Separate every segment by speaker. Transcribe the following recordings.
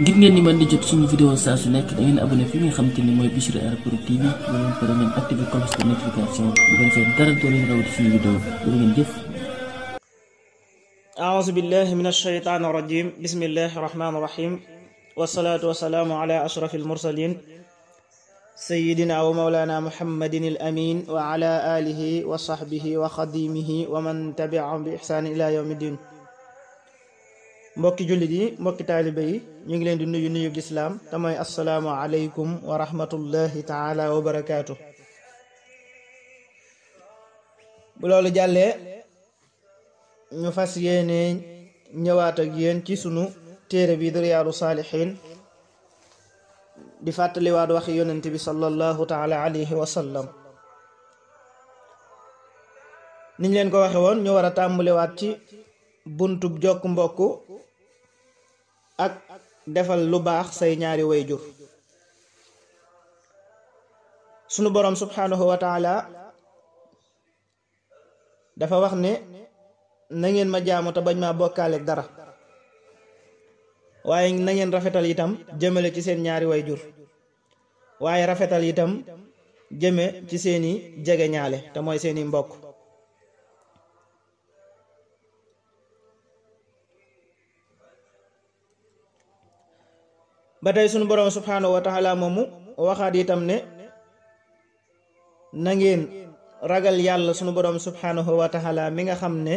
Speaker 1: ngir ngeen ni mën di jot suñu vidéo saa su nekk da ngeen abonné fi nga xam te ni mooy Bichri Art Prod TV ba ngeen pare ngeen activé cloche de notification bu ngeen fee dara doo leen rawati suñu vidéo doo ngeen jëf aouzu billahi min ashaytaani rajim bismillahi rahmaani rahim wasalaatu wasalaamu ala ashraf almursalin sayidina wa mawlana muhammadin al amin wa ala alihi wa sahbihi wa xadimihi wa man tabiahum bi ihsaan ila yawmi din mbokki jullit yi mbokki taalibe yi ñu ngi leen di nuyu nuyu lislaam te mooy assalaamu aleykum wa rahmatullahi taala bu loolu jàllee ñu fas yéene ñëwaat ak yéen ci sunu téere bi di riyaadu saalixiin di fàttaliwaat waxi yonent bi sallallahu taala alayhi wa sallam niñ leen ko waxe woon ñu war a tàmbaliwaat ci buntub jokk mbokk ak defal lu baax say ñaari wayjur sunu boroom subhaanahu wa taala dafa wax ne na ngeen ma jaamu te bañ ma bokkaale dara waaye na ngeen rafetal itam jëmale ci seen ñaari way jur waaye rafetal itam jëme ci seeni jegeñaale te mooy seeni mbokk ba tey sunu borom subhanahu wa taala moomu waxaat itam ne na ngeen ragal yàlla sunu borom subhanahu wa taala mi nga xam ne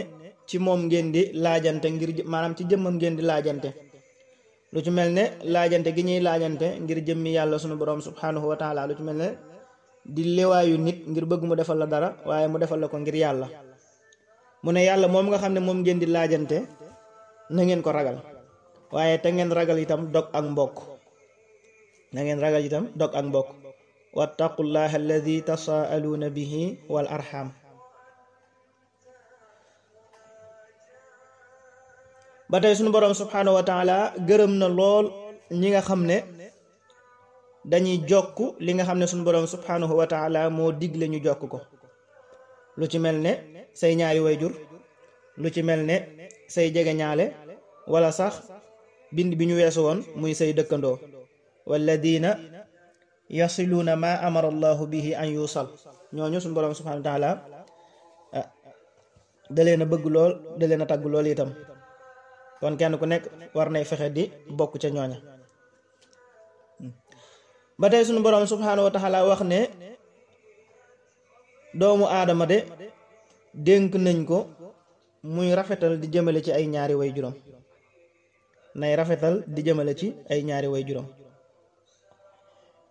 Speaker 1: ci moom ngeen di laajante ngir maanaam ci jëmmam ngeen di laajante ci mel ne laajante gi ñuy laajante ngir jëmmi yàlla sunu borom subhanahu wa taala lu ci mel ne di lewaayu nit ngir bëgg mu defal la dara waaye mu defal la ko ngir yàlla mu ne yàlla moom nga xam ne moom ngeen di laajante na ngeen ko ragal waaye te ngeen ragal itam dog ak mbokk na ngeen ragal itam dog ak mbokk wattaqullaha alladi tasaaluuna bihi wal arham ba tey suñu boroom subhanahu wa taala gërëm na lool ñi nga xam ne dañuy jokk li nga xam ne suñu boroom subhanahu wa taala moo digle ñu jokk ko lu ci mel ne say ñaari wayjur lu ci mel ne say jege ñaale wala sax bind bi ñu weesu woon muy say dëkkandoo walladina yasiluuna ma amara allahu bihi an yusal ñooñu suñu boroom subhanahu wa taala ah, da leen a bëgg lool da leen a tàgg lool itam kon kenn ku nekk war nay fexe di bokk ca ñooña hmm. ba tey suñu boroom subhanahu wa taala wax ne doomu aadama de dénk nañ ko muy di jëmale ci ay ñaari way juróom rafetal di jëmale ci ay ñaari way juróom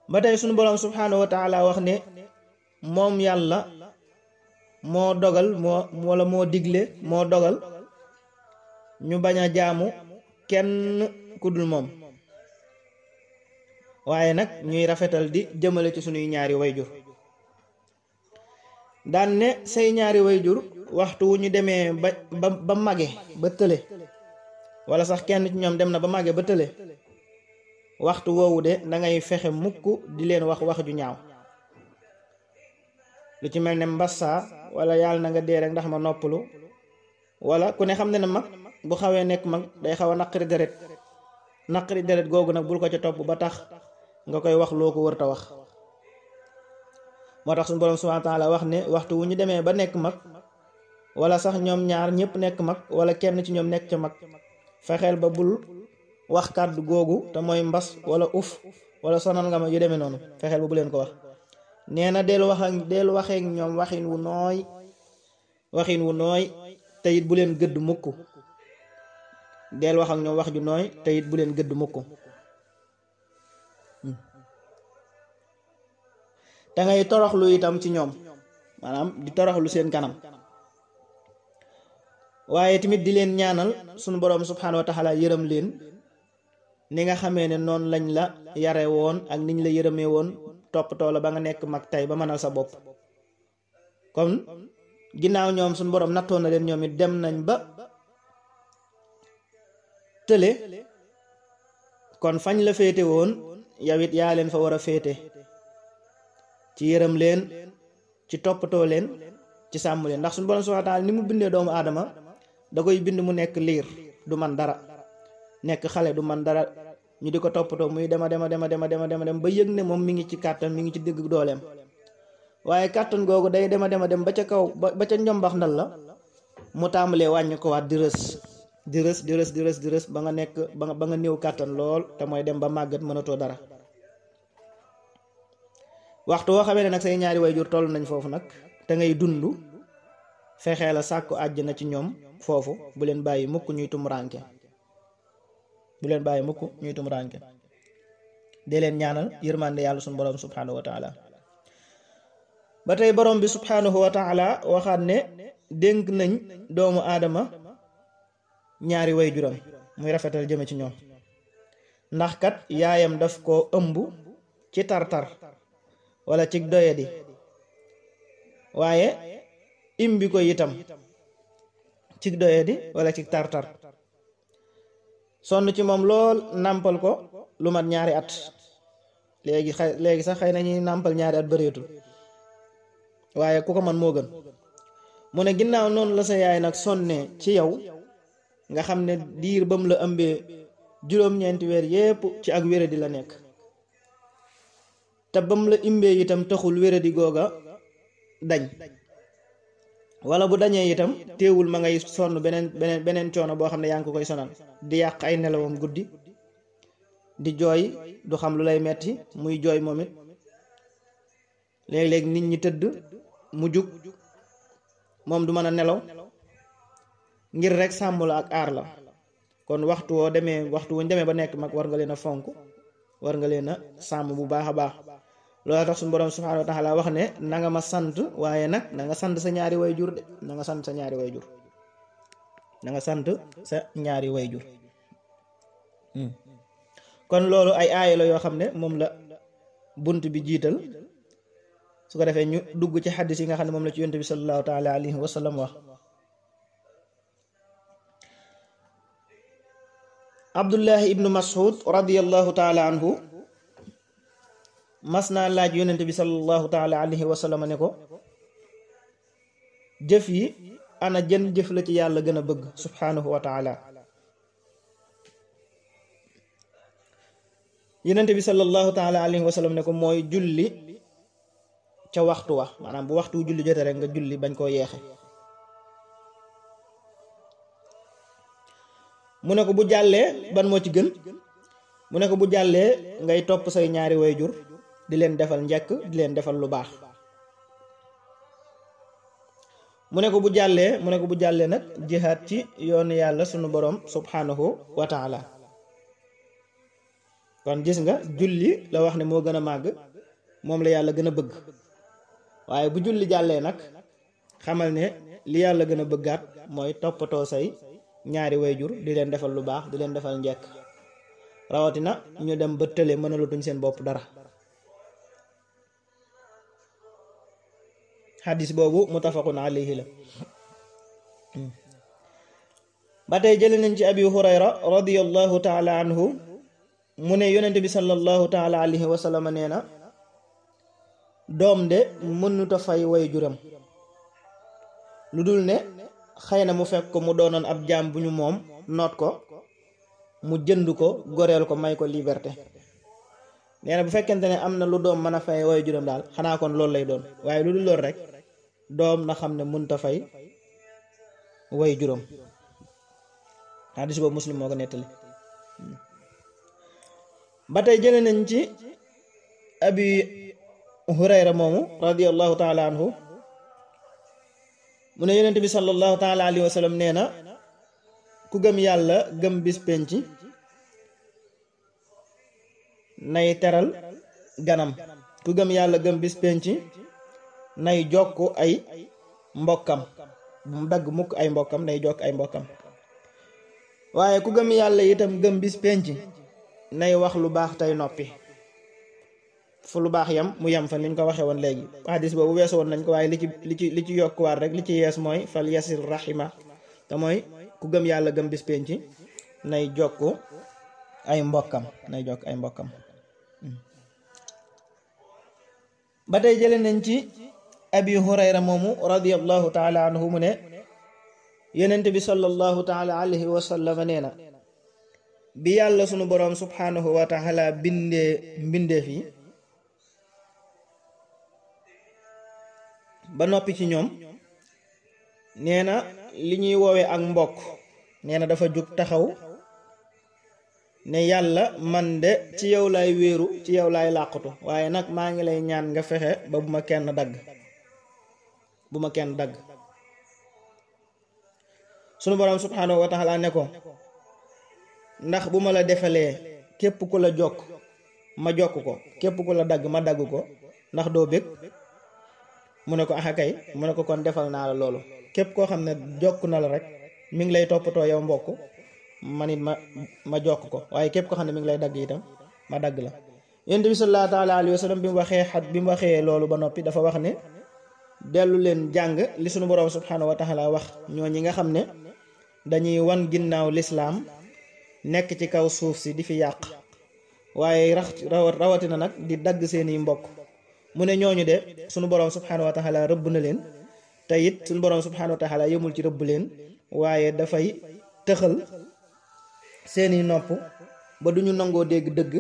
Speaker 1: ba tey sunu boroom subhaanahu wa taala wax ne moom yàlla moo dogal moo wala moo digle moo dogal ñu bañ a jaamu kenn ku dul moom waaye nag ñuy rafetal di jëmale ci suñuy ñaari wayjur daan ne say ñaari wayjur waxtu wu ñu demee ba ba ba mage ba tële wala sax kenn ci ñoom dem na ba mage ba tële waxtu woowu de da ngay fexe mukk di leen wax wax ju ñaaw lu ci mel ne mbassaa wala yàlla na nga dee rek ndax ma noppalu wala ku ne xam ne ne mag bu xawee nekk mag day xaw a naqari deret naqari deret googu nag bul ko ca topp ba tax nga koy wax loo ko wër ta wax moo tax su borom subhanahu la wax ne waxtu wu ñu demee ba nekk mag wala sax ñoom ñaar ñëpp nekk mag wala kenn ci ñoom nekk ca mag fexeel ba bul wax kàddu googu te mooy mbas wala uf wala sonal nga ma yu demee noonu fexeel ba bu leen ko wax nee na del wax ak del waxeek ñoom waxin wu nooy waxin wu nooy te bu leen gëdd mukk del ñoom wax ju nooy te bu leen gëdd mukk hmm. da ngay toroxlu itam ci ñoom maanaam di toroxlu seen kanam waaye tamit di leen ñaanal sunu boroom subxanahu wa yërëm leen. ni nga xamee ne noonu lañ la yare woon ak niñ la yërëmee woon toppatoo la ba nga nekk mag tey ba mënal sa bopp kon ginnaaw ñoom suñ boroom nattoon na leen ñoom it dem nañ ba tële kon fañ la féete woon yow it yaa leen fa war a féete ci yërëm leen ci toppatoo leen ci sàmm leen ndax suñu borom subhaanahu wa ni mu bindee doomu aadama da koy bind mu nekk liir du man dara nekk xale du man dara ñu di ko toppatoo muy dema dema dema dema dema dema dem ba yëg ne moom mi ngi ci kàttan mu ngi ci digg dooleem waaye kàttan googu day dema dema dem ba ca kaw ba ca njombax ndal la mu tàmbalee wàññi ko waat di rës di rës di rës di rës ba nga nekk ba nga néew kàttan lool te mooy dem ba màggat mënatoo dara waxtu woo xamee ne nag say ñaari wayjur toll nañ foofu nag te ngay dund fexee la sàkku àjj na ci ñoom foofu bu leen bàyyi mukk ñuy tumuraanke bu leen bàyyi mukk ñuy tumuraanke dee leen ñaanal yërmande yàlla suñu borom subhanahu wa ba tey boroom bi subhanahu wa taala waxaat ne dénk nañ doomu aadama ñaari way juram muy rafetal jëme ci ñoom ndax kat yaayam daf ko ëmb ci tartar wala ci doyadi waaye imbi ko itam ci doyadi wala ci tartar sonn ci moom lool nàmpal ko lu mat ñaari at léegi xa léegi sax xëy na ñuy nàmpal ñaari at bëreetul waaye ku ko man moo gën mu ne ginnaaw noonu la sa yaay nag sonne ci yow nga xam ne diir ba mu la ëmbee juróom-ñeenti weer yépp ci ak wére di la nekk te ba mu la imbee itam taxul wére di googa dañ wala bu dañee itam téewul ma ngay sonn beneen beneen beneen coono boo xam ne yaa ngi ko koy sonal di yàq ay nelawam guddi di jooy du xam lu lay metti muy jooy moom it léeg-léeg nit ñi tëdd mu jug moom du mën a nelaw ngir rek sàmm la ak aar la kon waxtu woo demee waxtu wuñ demee ba nekk mag war nga leen a fonk war nga leen sàmm bu baax a baax loolu tax suñu borom subhanahu wa taala wax ne na nga ma sant waaye nag na sant sa ñaari way jur de na sant sa ñaari way jur sant sa ñaari way jur hmm. kon loolu ay aaya la yoo xam ne moom la bunt bi jiital su ko defee ñu dugg ci xaddis yi nga xam ne moom la ci yonte bi sallallahu taala alayhi wa sallam wax abdullahi ibnu mas'ud radiyallahu taala anhu mas naa laaj yonent bi sallallahu taala alayhi wa sallam ne ko jëf yi ana jën jëf la ci yàlla gën a bëgg subhanahu wa taala yonent bi sallallahu taala alayhi wa ne ko mooy julli ca waxtu wa maanaam bu waxtu julli jote rek nga julli bañ koo yeexe mu ne ko bu jàllee ban moo ci gën mu ne ko bu jàllee ngay topp say ñaari way jur di leen defal njëkk di leen defal lu baax mu ne ko bu jàllee mu ne ko bu jàllee nag jihaad ci yoonu yàlla sunu borom subhanahu wa taala kon gis nga julli la wax ne moo gën a màgg moom la yàlla gën a bëgg waaye bu julli jàllee nag xamal ne li yàlla gën a bëggaat mooy toppatoo say ñaari wayjur di leen defal lu baax di leen defal njekk rawatina ñu dem ba tële mënalatuñ seen bopp dara xadis boobu muttafaqun alayhi la ba tey jële nañ ci abi hurayra radiyallahu taala anhu mu ne yonent bi sallallahu taala alayhi wa sallam nee na doom de mënuta fay way juram lu dul ne xëy na mu fekk ko mu doonoon ab jaam bu ñu moom noot ko mu jënd ko goreel ko may ko liberté nee bu fekkente ne am na lu doom mën a fay way juram daal xanaa kon loolu lay doon waaye lu dul loolu rek doom na xam ne mënta fay way juróom xadis boobu muslim moo ko nettali ba tey jële nañ ci abi hurayra moomu radiallahu taala anhu mu ne yonent bi sallallahu taala alayhi wa sallam nee na ku gëm yàlla gëm bis penc nay teral ganam ku gëm yàlla gëm bis nay jokk ay mbokkam bu mu dagg mukk ay mbokkam nay jokk ay mbokkam waaye ku gëm yàlla itam gëm bis penc nay wax lu baax tey noppi fu lu baax yam mu yam fa ni ñu ko waxee woon léegi hadis boobu weesu woon nañ ko waaye li ci li ci li ci yokkuwaat rek li ci yees mooy fal yasir rahima te mooy ku gëm yàlla gëm bis penc nay jokk ay mbokkam nay jokk ay mbokkam hmm. ba tey jële nañ ci abi hurayra moomu radiallahu taala anhu mu ne yenent bi sallallahu taala alayhi wa nee na bi yàlla sunu boroom subhanahu wa taala bindee mbindeef yi ba noppi ci ñoom nee na li ñuy woowe ak mbokk nee na dafa jóg taxaw ne yàlla man de ci yow lay wéeru ci yow laay làqatu waaye nag maa ngi lay ñaan nga fexe ba bu ma kenn dagg bu ma kenn dagg sunu borom subhanahu wa taala ne ko ndax bu ma la defalee képp ku la jokk ma jokk ko képp ku la dagg ma dagg ko ndax doo bëgg mu ne ko axa kay mu ne ko kon defal naa la loolu képp koo xam ne jokk na la rek mi ngi lay toppatoo yow mbokk man it ma ma jokk ko waaye képp koo xam ne mu ngi lay dagg itam ma dagg la yonent bi sallallahu taala alayhi wa bi mu waxee xat bi mu waxee loolu ba noppi dafa wax ne dellu leen jàng li sunu borom subhanahu wa taala wax ñoo ñi nga xam ne dañuy wan ginnaaw lislaam nekk ci kaw suuf si di fi yàq waaye rax rawatina nag di dagg seeni mbokk mu ne ñooñu de sunu borom subhanahu wa taala rëbb na leen te it sunu borom subhanahu wa taala yëmul ci rëbb leen waaye dafay tëxal seeni nopp ba duñu nangoo dégg dëgg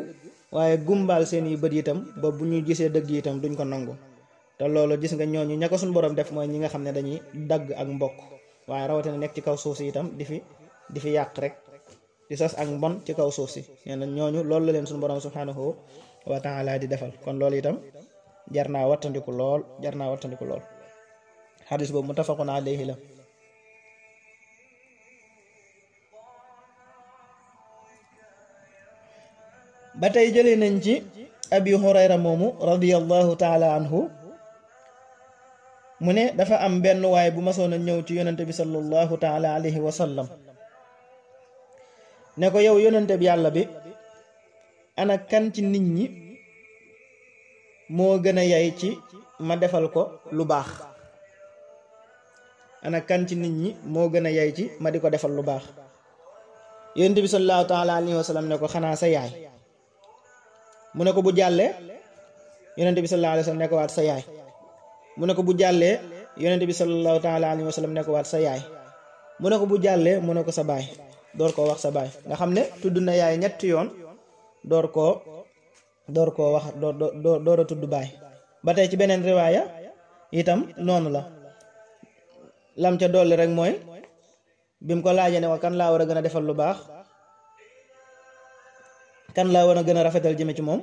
Speaker 1: waaye gumbaal seeni bët itam ba bu ñu gisee dëgg itam duñ ko nangu te loolu gis nga ñooñu ña ko suñu borom def mooy ñi nga xam ne dañuy dagg ak mbokk waaye rawatina nekk ci kaw suuf si itam di fi di fi yàq rek di sos ak mbon ci kaw suuf si nee na ñooñu loolu la leen suñu borom subhanahu wa taala di defal kon loolu itam jar naa wattandiku lool jar naa wattandiku lool xadis boobu muttafaqun alayhi la ba tey jëlee nañ ci abi hurayra moomu radiallahu taala anhu mu ne dafa am benn waay bu masoon a ñëw ci yonente bi sallallahu taala alayhi wa sallam ne ko yow yonente bi yàlla bi ana kan ci nit ñi moo gën a yay ci ma defal ko lu baax ana kan ci nit ñi moo gën a yay ci ma di ko defal lu baax yonente bi sallallahu taala alayhi wa sallam ne ko xanaa sa yaay mu ne ko bu jàllee yonente bi sallallahu alayhi wa ne ko waat sa yaay mu ne ko bu jàllee yonent bi sallallahu taala alayhi wa sallam ne ko waat sa yaay mu ne ko bu jàllee mu ne ko sa baay door koo wax sa baay nga xam ne tudd na yaay ñetti yoon door koo door koo wax door door door a tudd baay ba tey ci beneen riwaaya itam noonu la lam ca dolli rek mooy bi mu ko laajee ne ko kan laa war a gën a defal lu baax kan laa war a gën a rafetal jëme ci moom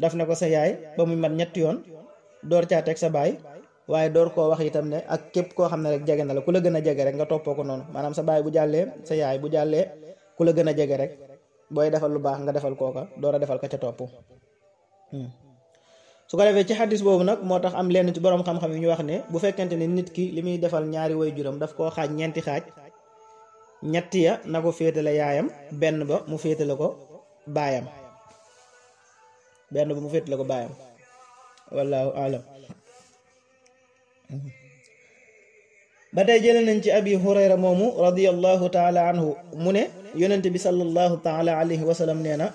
Speaker 1: daf ne ko sa yaay ba muy mat ñetti yoon door caa teg sa baay waaye door koo wax itam ne ak képp koo xam ne rek jege na la ku la gën a jege rek nga toppoo ko noonu maanaam sa baay bu jàllee sa yaay bu jàllee ku la gën a jege rek booy defal lu baax nga defal kooka door a defal ko ca topp. Hmm. su ko defee ci xaddis boobu nag moo tax am lenn ci boroom xam-xam yu ñu wax ne bu fekkente ne nit ki li muy defal ñaari way juram daf koo xaaj ñeenti xaaj ñetti ya na ko féetale yaayam benn ba mu féetale ko baayam benn ba mu féetale ko baayam. wallahu ba tey jële nañ ci abi hurayra moomu radiallahu taala anhu mu ne yonent bi sallallahu taala alayhi wa sallam nee na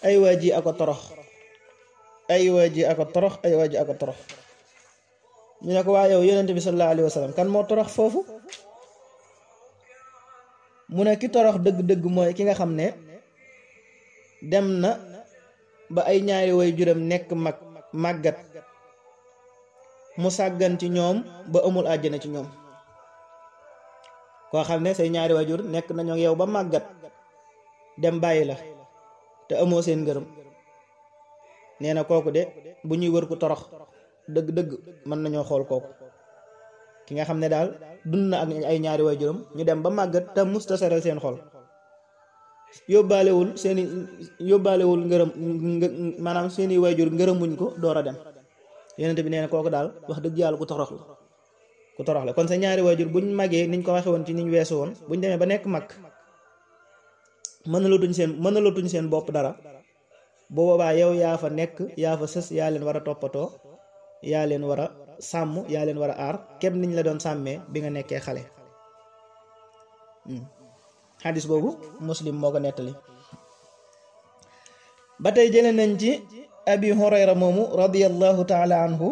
Speaker 1: ay waa ji ako torox ay waa ji ako torox ay waa ji ako torox ñu ne ko waa yow yonent bi sallallahu alayhi wa kan moo torox foofu mu ne ki torox dëgg-dëgg mooy ki nga xam ne dem na ba ay ñaari way juram nekk mag màggat mu sàggan ci ñoom ba amul àjjana ci ñoom koo xam ne say ñaari wajur nekk nañu yow ba màggat dem bàyyi la te amoo seen ngërëm nee na kooku de bu ñuy wër ku torox dëgg-dëgg mën nañoo xool kooku ki nga xam ne daal dund na ak ay ñaari waajuram ñu dem ba màggat te musta soreel seen xool yóbbaalewul seen yóbbaalewul ngërëm maanaam seen i wayjur ngërëmuñ ko door a dem yonent bi nee na kooku daal wax dëgg yàlla ku torox ku torox la kon sa ñaari way jur bu ñu màggee niñ ko waxe woon ci niñ weesu woon buñ demee ba nekk mag mënalatuñ seen mënalatuñ seen bopp dara bu boobaa yow yaa fa nekk yaa fa sës yaa leen war a toppatoo yaa leen war a sàmm yaa leen war a aar képp niñ la doon sàmmee bi nga nekkee xale hmm. xadis boobu muslim moo ko nettali ba tey jële nañ ci abi hurayra moomu radiyallahu taala anhu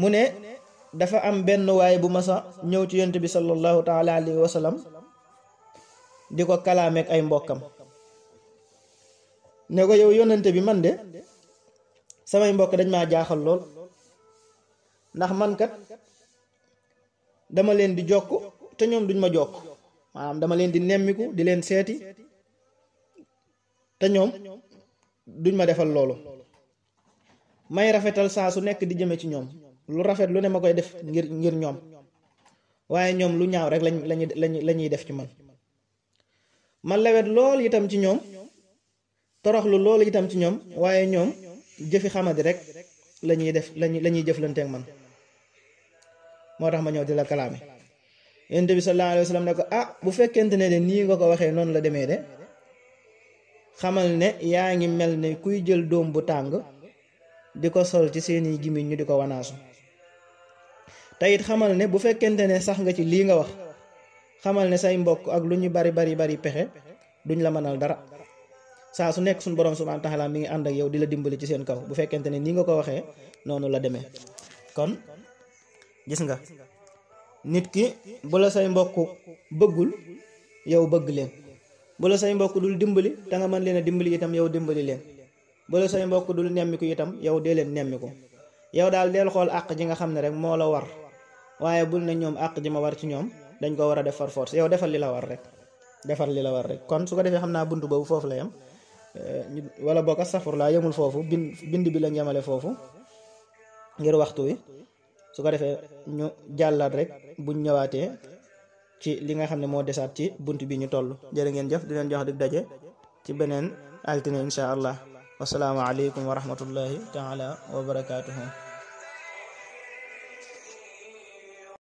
Speaker 1: mu ne dafa am benn waay bu masa ñëw ci yonent bi sallallahu taala alayhi wa sallam di ko kalaameek ay mbokkam ne ko yow yonent bi man de samay mbokk dañ maa jaaxal lool ndax man kat dama leen di jokk te ñoom duñ ma jokk maanaam dama leen di nemmiku di leen seeti te ñoom duñ ma defal loolu may rafetal saa su nekk di jëme ci ñoom lu rafet lu ne ma koy def ngir ngir ñoom waaye ñoom lu ñaaw rek lañ lañ la ñuy def ci man ma lawet lool itam ci ñoom toroxlu loolu itam ci ñoom waaye ñoom jëfi xamadi rek la ñuy def la la ñuy jëflanteeg man moo tax ma ñëw di la kalaame yonent bi sallallahu alayhi wa ko ah bu fekkent ne de nii nga ko waxee noonu la demee de xamal ne yaa ngi mel ne kuy jël doom bu tàng di ko sol ci seeni gimiñ ñu di ko wanaasu te it xamal ne bu fekkente ne sax nga ci lii nga wax xamal ne say mbokk ak lu ñu bari bari bari pexe duñ la mënal dara saa su nekk suñu borom subhaanahu wa taala mi ngi ànd ak yow di la dimbali ci seen kaw bu fekkente ne nii nga ko waxee noonu la demee kon gis nga nit ki bu la say mbokk bëggul yow bëgg leen bu la say mbokk dul dimbali te nga mën leen a dimbali itam yow dimbali leen bu la say mbokk dul nemmiku itam yow dee leen nemmiku yow daal deel xool àq ji nga xam ne rek moo la war waaye bul ne ñoom àq ji ma war ci ñoom dañ ko war a defar par force yow defal li la war rek defal li la war rek kon su ko defee xam naa bunt boobu foofu la yem wala boog astafurlaa yamul foofu bind bind bi la yemale foofu ngir waxtu su ko defee ñu jàllaat rek buñ ñëwaatee ci li nga xam ne moo desaat ci bunt bi ñu toll jërë ngeen jëf di leen jox di daje ci beneen altine insha allah wasalaamu aleykum wa rahmatullahi taala wa barakaatuhu